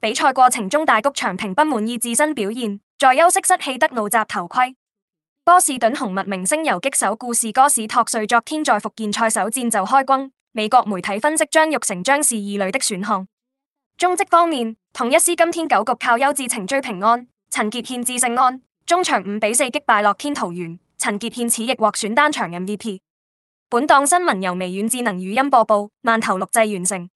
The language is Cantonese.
比賽過程中，大谷翔平不滿意自身表現，在休息室氣得怒砸頭盔。波士頓紅襪明星游擊手故事哥史托瑞，昨天在復健賽首戰就開轟。美國媒體分析，張育成將是二壘的選項。中職方面，統一獅今天九局靠優質程追平安，陳傑憲致勝安，終場五比四擊，擊敗樂天桃猿。陳傑憲此役獲選單場 MVP。本檔新聞由微軟智能語音播報，慢投錄製完成。